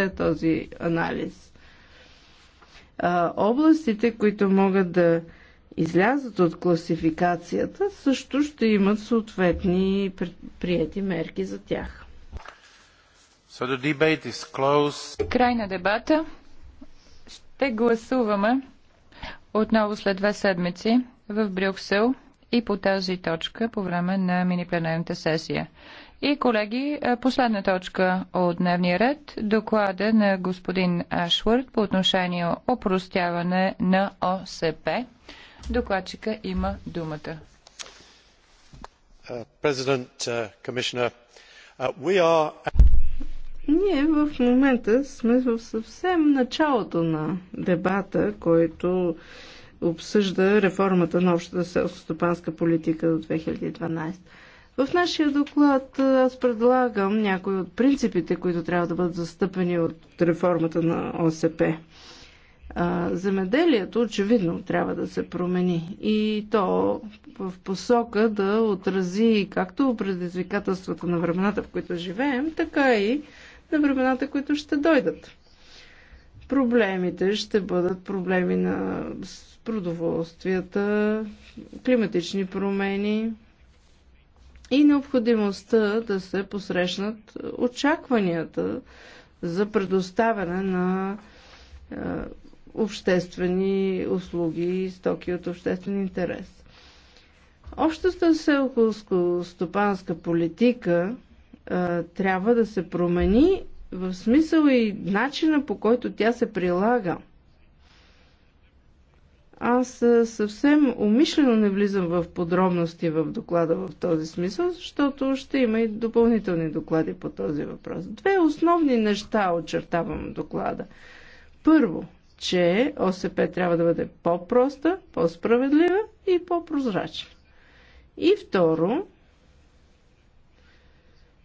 прочете този анализ. Областите, които могат да излязат от класификацията, също ще имат съответни прияти мерки за тях. So the debate is closed. Край на дебата. Ще гласуваме отново след две седмици в Брюксел и по тази точка по време на мини-пленарната сесия. И, колеги, е, последна точка от дневния ред – доклада на господин Ашвард по отношение опростяване на ОСП. Докладчика има думата. Uh, uh, uh are... Ние в момента сме в съвсем началото на дебата, който uh, обсъжда реформата на общата селско-стопанска политика до 2012. В нашия доклад аз предлагам някои от принципите, които трябва да бъдат застъпени от реформата на ОСП. Земеделието очевидно трябва да се промени и то в посока да отрази както предизвикателствата на времената, в които живеем, така и на времената, които ще дойдат проблемите ще бъдат проблеми на продоволствията, климатични промени и необходимостта да се посрещнат очакванията за предоставяне на е, обществени услуги и стоки от обществен интерес. Общата селско-стопанска политика е, трябва да се промени в смисъл и начина по който тя се прилага – аз е, съвсем умишлено не влизам в подробности в доклада в този смисъл, защото ще има и допълнителни доклади по този въпрос. Две основни неща очертавам доклада. Първо, че ОСП трябва да бъде по-проста, по-справедлива и по-прозрачна. И второ,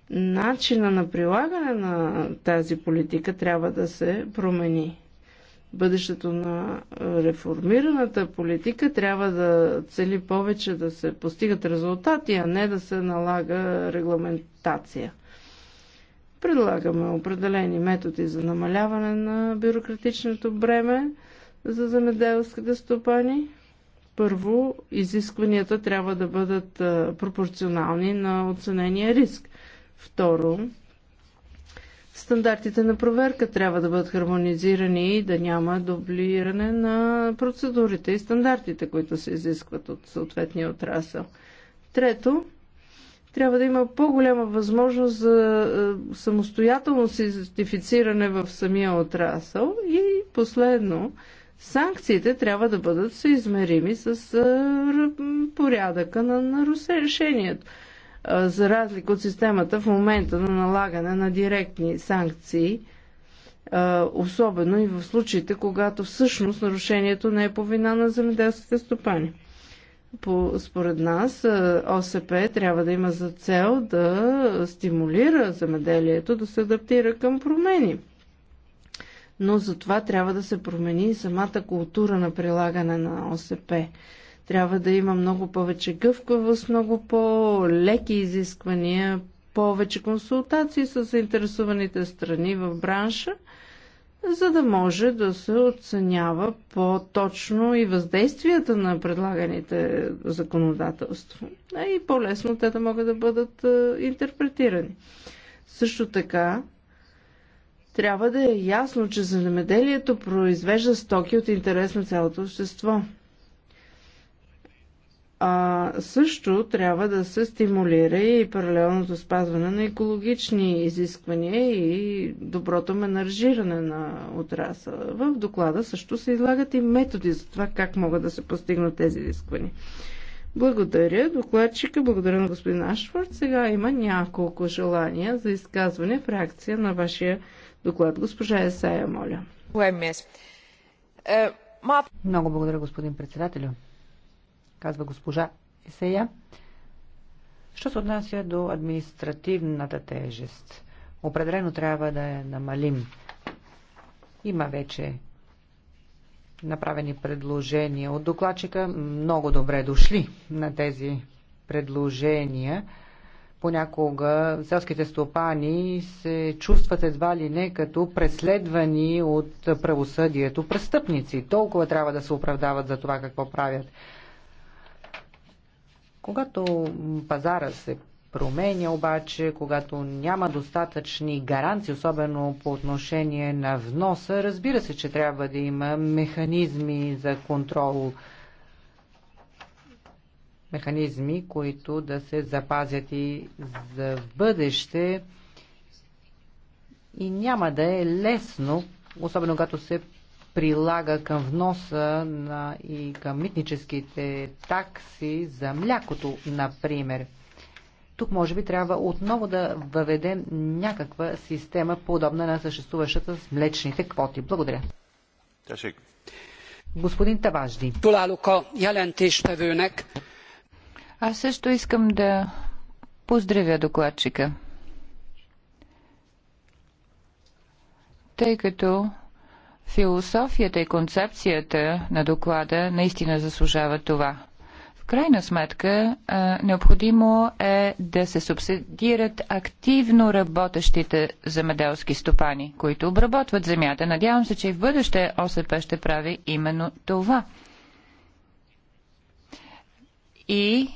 начина на прилагане на тази политика трябва да се промени бъдещето на реформираната политика трябва да цели повече да се постигат резултати, а не да се налага регламентация. Предлагаме определени методи за намаляване на бюрократичното бреме за земеделските стопани. Първо, изискванията трябва да бъдат пропорционални на оценения риск. Второ, Стандартите на проверка трябва да бъдат хармонизирани и да няма дублиране на процедурите и стандартите, които се изискват от съответния отрасъл. Трето, трябва да има по-голяма възможност за е, самостоятелно сертифициране в самия отрасъл. И последно, санкциите трябва да бъдат съизмерими с е, порядъка на нарушението за разлика от системата в момента на налагане на директни санкции, особено и в случаите, когато всъщност нарушението не е по вина на земеделските стопани. По, според нас ОСП трябва да има за цел да стимулира земеделието да се адаптира към промени. Но за това трябва да се промени и самата култура на прилагане на ОСП. Трябва да има много повече гъвкавост, много по-леки изисквания, повече консултации с заинтересованите страни в бранша, за да може да се оценява по-точно и въздействията на предлаганите законодателства. А и по-лесно те да могат да бъдат е, интерпретирани. Също така, трябва да е ясно, че земеделието произвежда стоки от интерес на цялото общество. А също трябва да се стимулира и паралелното спазване на екологични изисквания и доброто менажиране на отраса. В доклада също се излагат и методи за това как могат да се постигнат тези изисквания. Благодаря докладчика, благодаря на господин Ашфорд. Сега има няколко желания за изказване в реакция на вашия доклад. Госпожа Есая, моля. Е, Много благодаря, господин председателю казва госпожа Есея. Що се отнася до административната тежест? Определено трябва да я намалим. Има вече направени предложения от докладчика. Много добре дошли на тези предложения. Понякога селските стопани се чувстват едва ли не като преследвани от правосъдието престъпници. Толкова трябва да се оправдават за това какво правят. Когато пазара се променя обаче, когато няма достатъчни гаранции, особено по отношение на вноса, разбира се, че трябва да има механизми за контрол механизми, които да се запазят и за в бъдеще. И няма да е лесно, особено когато се прилага към вноса на и към митническите такси за млякото, например. Тук може би трябва отново да въведем някаква система, подобна на съществуващата с млечните квоти. Благодаря. Господин Таважди. Аз също искам да поздравя докладчика. Тъй като Философията и концепцията на доклада наистина заслужава това. В крайна сметка, необходимо е да се субсидират активно работещите земеделски стопани, които обработват земята. Надявам се, че и в бъдеще ОСП ще прави именно това. И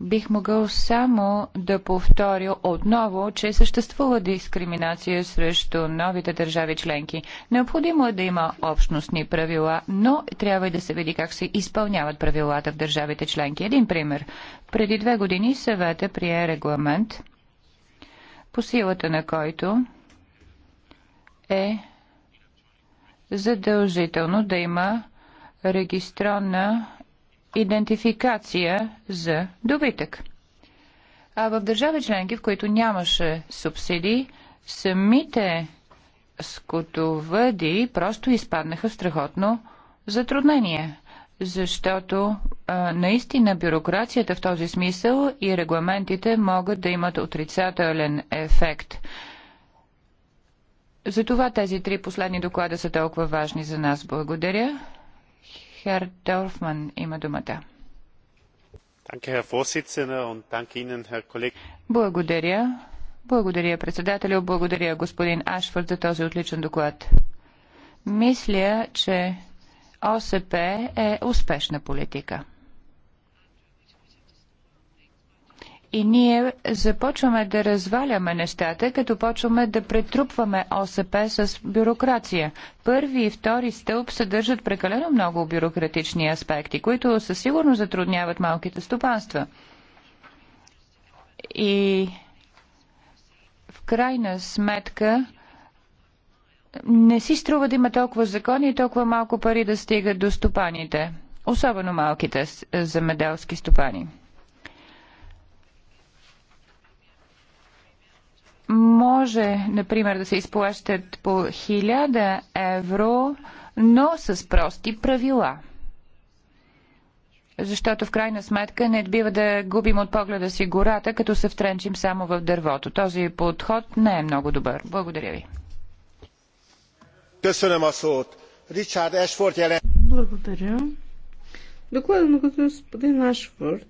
бих могъл само да повторя отново, че съществува дискриминация срещу новите държави членки. Необходимо е да има общностни правила, но трябва и да се види как се изпълняват правилата в държавите членки. Един пример. Преди две години съвета прие регламент, по силата на който е задължително да има регистрона идентификация за добитък. А в държави членки, в които нямаше субсидии, самите скотовъди просто изпаднаха в страхотно затруднение, защото а, наистина бюрокрацията в този смисъл и регламентите могат да имат отрицателен ефект. Затова тези три последни доклада са толкова важни за нас. Благодаря има думата. Благодаря. Благодаря, председателю. Благодаря, господин Ашфорд, за този отличен доклад. Мисля, че ОСП е успешна политика. и ние започваме да разваляме нещата, като почваме да претрупваме ОСП с бюрокрация. Първи и втори стълб съдържат прекалено много бюрократични аспекти, които със сигурно затрудняват малките стопанства. И в крайна сметка не си струва да има толкова закони и толкова малко пари да стигат до стопаните, особено малките земеделски стопани. може, например, да се изплащат по 1000 евро, но с прости правила. Защото в крайна сметка не бива да губим от погледа си гората, като се втренчим само в дървото. Този подход не е много добър. Благодаря ви. Благодаря. Докладът на господин Ашфорд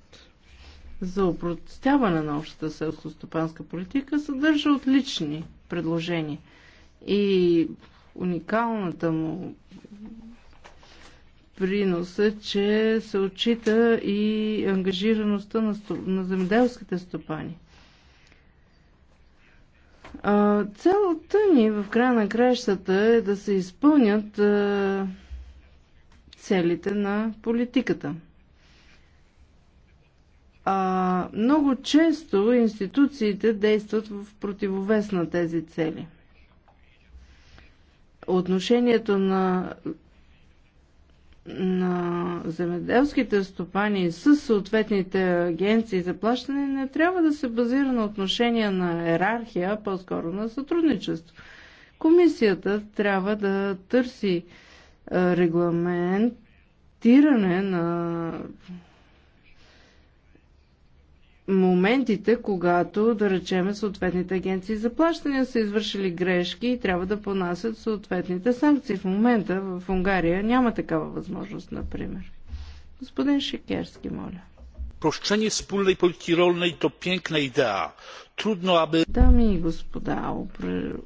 за опростяване на общата селско-стопанска политика съдържа отлични предложения. И уникалната му принос е, че се отчита и ангажираността на, стоп... на земеделските стопани. Целта ни в края на краищата е да се изпълнят целите на политиката – а, много често институциите действат в противовес на тези цели. Отношението на, на земеделските стопани с съответните агенции за плащане не трябва да се базира на отношения на иерархия а по-скоро на сътрудничество. Комисията трябва да търси регламентиране на моментите, когато, да речеме, съответните агенции за плащания са извършили грешки и трябва да понасят съответните санкции. В момента в Унгария няма такава възможност, например. Господин Шекерски, моля. Прощение wspólnej polityki rolnej то пенкна идея. Трудно, абе... Дами и господа,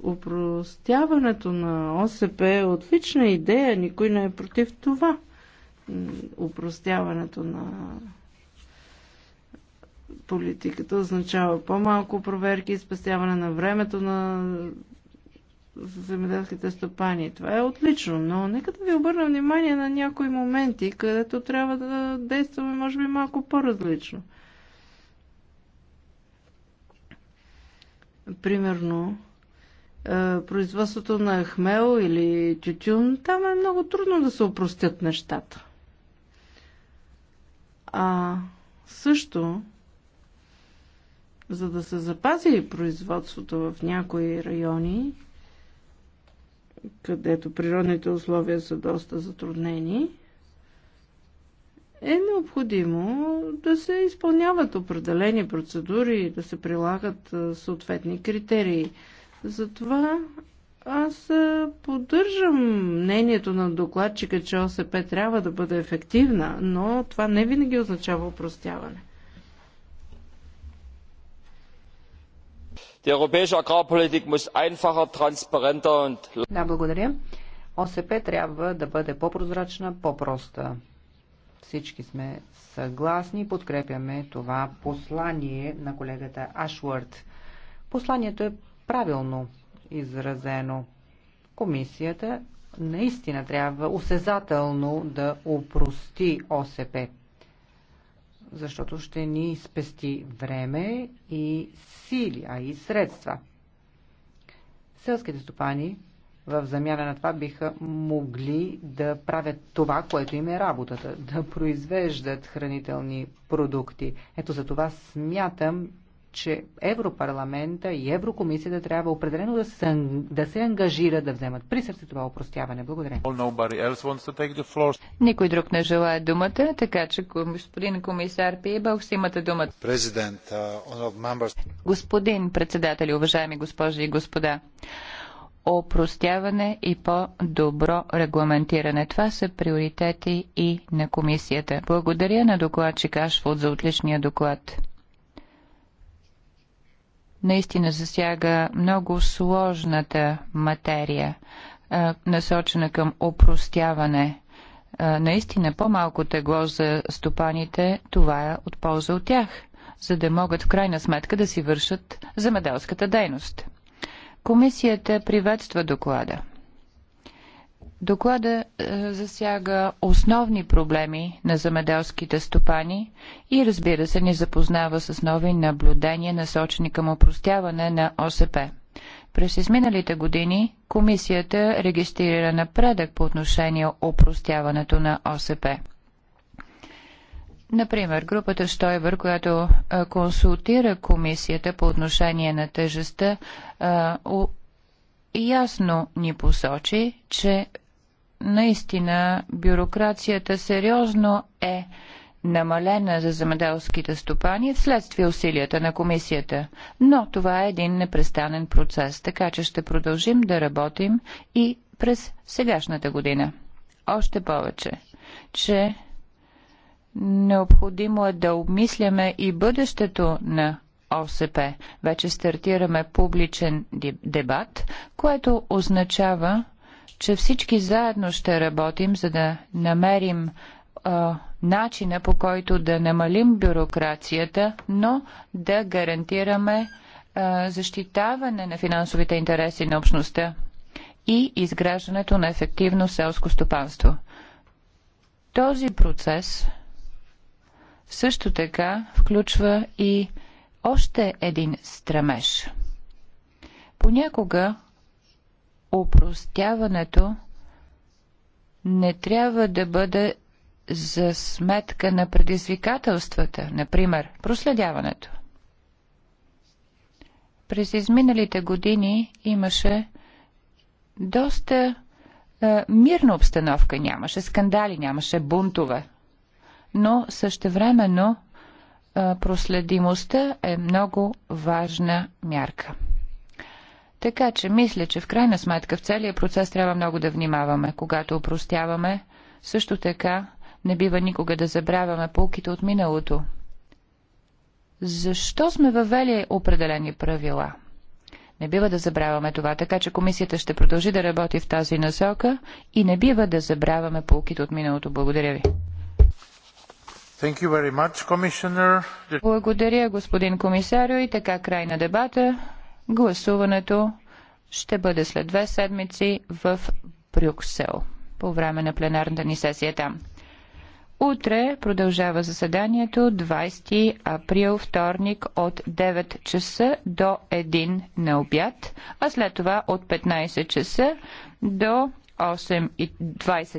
упростяването на ОСП е отлична идея. Никой не е против това. Упростяването на политиката означава по-малко проверки и спестяване на времето на земеделските стопани. Това е отлично, но нека да ви обърна внимание на някои моменти, където трябва да действаме, може би, малко по-различно. Примерно, е, производството на хмел или тютюн, там е много трудно да се опростят нещата. А също за да се запази производството в някои райони, където природните условия са доста затруднени, е необходимо да се изпълняват определени процедури, да се прилагат съответни критерии. Затова аз поддържам мнението на докладчика, че ОСП трябва да бъде ефективна, но това не винаги означава упростяване. Die europäische Agrarpolitik muss einfacher, transparenter und... Да, благодаря. ОСП трябва да бъде по-прозрачна, по-проста. Всички сме съгласни, и подкрепяме това послание на колегата Ашвард. Посланието е правилно изразено. Комисията наистина трябва осезателно да упрости ОСП защото ще ни спести време и сили, а и средства. Селските стопани в замяна на това биха могли да правят това, което им е работата, да произвеждат хранителни продукти. Ето за това смятам, че Европарламента и Еврокомисията трябва определено да се, да се ангажира да вземат при сърце това опростяване. Благодаря. Никой друг не желая думата, така че господин комисар Пибалс имате думата. Uh, господин председател, уважаеми госпожи и господа, опростяване и по-добро регламентиране. Това са приоритети и на комисията. Благодаря на докладчик Ашфуд за отличния доклад наистина засяга много сложната материя, насочена към опростяване. Наистина по-малко тегло за стопаните, това е от полза от тях, за да могат в крайна сметка да си вършат замеделската дейност. Комисията приветства доклада. Доклада е, засяга основни проблеми на замеделските стопани и разбира се ни запознава с нови наблюдения насочени към опростяване на ОСП. През изминалите години комисията регистрира напредък по отношение опростяването на ОСП. Например, групата Штойбър, която е, консултира комисията по отношение на тежестта, е, ясно ни посочи, че наистина бюрокрацията сериозно е намалена за земеделските стопани вследствие усилията на комисията. Но това е един непрестанен процес, така че ще продължим да работим и през сегашната година. Още повече, че необходимо е да обмисляме и бъдещето на ОСП. Вече стартираме публичен дебат, което означава, че всички заедно ще работим, за да намерим а, начина по който да намалим бюрокрацията, но да гарантираме а, защитаване на финансовите интереси на общността и изграждането на ефективно селско стопанство. Този процес също така включва и още един стремеж. Понякога упростяването не трябва да бъде за сметка на предизвикателствата, например проследяването. През изминалите години имаше доста е, мирна обстановка, нямаше скандали, нямаше бунтове. Но същевременно е, проследимостта е много важна мярка. Така че мисля, че в крайна сметка в целия процес трябва много да внимаваме, когато упростяваме. Също така не бива никога да забравяме полките от миналото. Защо сме въвели определени правила? Не бива да забравяме това, така че комисията ще продължи да работи в тази насока и не бива да забравяме полките от миналото. Благодаря ви. Much, Благодаря, господин комисарио. И така край на дебата. Гласуването ще бъде след две седмици в Брюксел по време на пленарната ни сесия там. Утре продължава заседанието 20 април, вторник от 9 часа до 1 на обяд, а след това от 15 часа до 8.20.